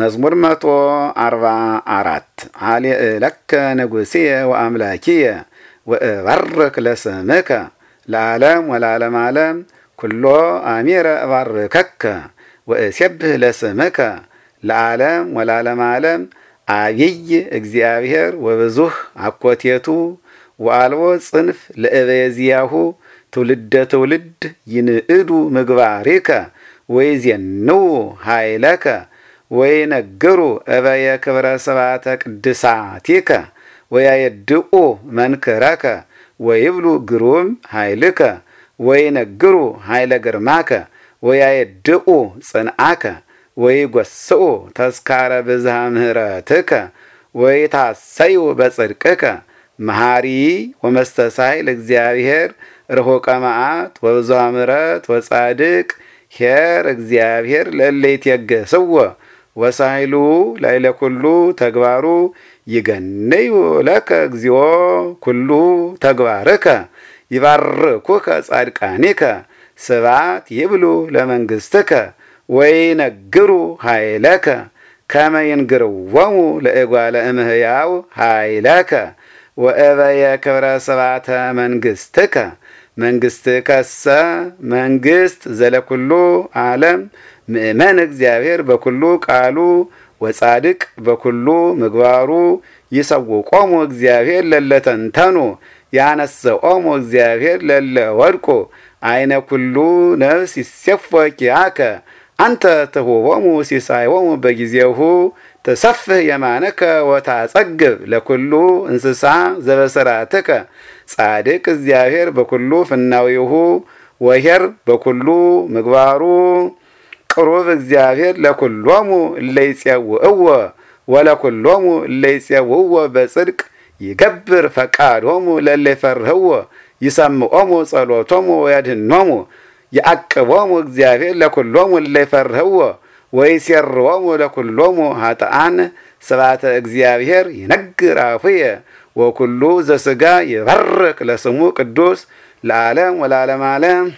መዝሙር መቶ አርባ አራት ሀሌእ ለከ ንጉሴየ ወአምላኪየ ወእባርክ ለስምከ ለዓለም ወለዓለም ዓለም ኩሎ አሚረ እባርከከ ወእሴብህ ለስምከ ለዓለም ወለዓለም ዓለም አብይ እግዚአብሔር ወብዙህ አኮቴቱ ወአልቦ ጽንፍ ለእበየዝያሁ ትውልደ ትውልድ ይንእዱ ምግባሪከ ወይዜንው ኃይለከ ወይነግሩ ክብረ ሰባተ ቅድሳቲከ ወያየድኡ መንክረከ ወይብሉ ግሩም ኃይልከ ወይነግሩ ኃይለ ግርማከ ወያየድኡ ጽንዓከ ወይጐስኡ ተስካረ ብዝሃ ምህረትከ ወይታሰዩ በጽድቅከ መሃሪ ወመስተሳይ ለእግዚአብሔር ርሑቀ መዓት ወብዙሃ ምህረት ወጻድቅ ሄር እግዚአብሔር ለሌት የገስዎ ወሳይሉ ላይለ ኩሉ ተግባሩ ይገነዩ ለከ እግዚኦ ኩሉ ተግባርከ ይባርኩከ ጻድቃኒከ ስባት ይብሉ ወይ ነግሩ ኃይለከ ከመ ይንግርወሙ ለእጓለ እምህያው ኃይለከ ወእበየ ክብረ ስብዓተ መንግስትከ መንግስት ከሰ መንግስት ዘለኩሉ ዓለም ምእመን እግዚአብሔር በኩሉ ቃሉ ወጻድቅ በኩሉ ምግባሩ ቆሙ እግዚአብሔር ለለተንተኑ ቆሙ እግዚአብሔር ለለ ወድቁ አይነ ኩሉ ነፍስ ይሴፈኪያከ አንተ ትሁቦሙ ሲሳይሆሙ በጊዜሁ ትሰፍህ የማነከ ወታጸግብ ለኩሉ እንስሳ ዘበስራትከ ጻድቅ እግዚአብሔር በኩሉ ፍናዊሁ ወሄር በኩሉ ምግባሩ ቅሩብ እግዚአብሔር ለኩሎሙ እለ ይፄውእዎ ወለኩሎሙ እለ ይፄውእዎ በጽድቅ ይገብር ፈቃዶሙ ለለ ይፈርህዎ ይሰምዖሙ ጸሎቶሙ ወያድህኖሙ የአቅቦሙ እግዚአብሔር ለኩሎሙ እለ ይፈርህዎ ወይሴርዎሙ ለኩሎሙ ሀጥአን ስብሐተ እግዚአብሔር ይነግር አፉየ ወኩሉ ዘስጋ ይባርክ ለስሙ ቅዱስ ለዓለም ወላለም ዓለም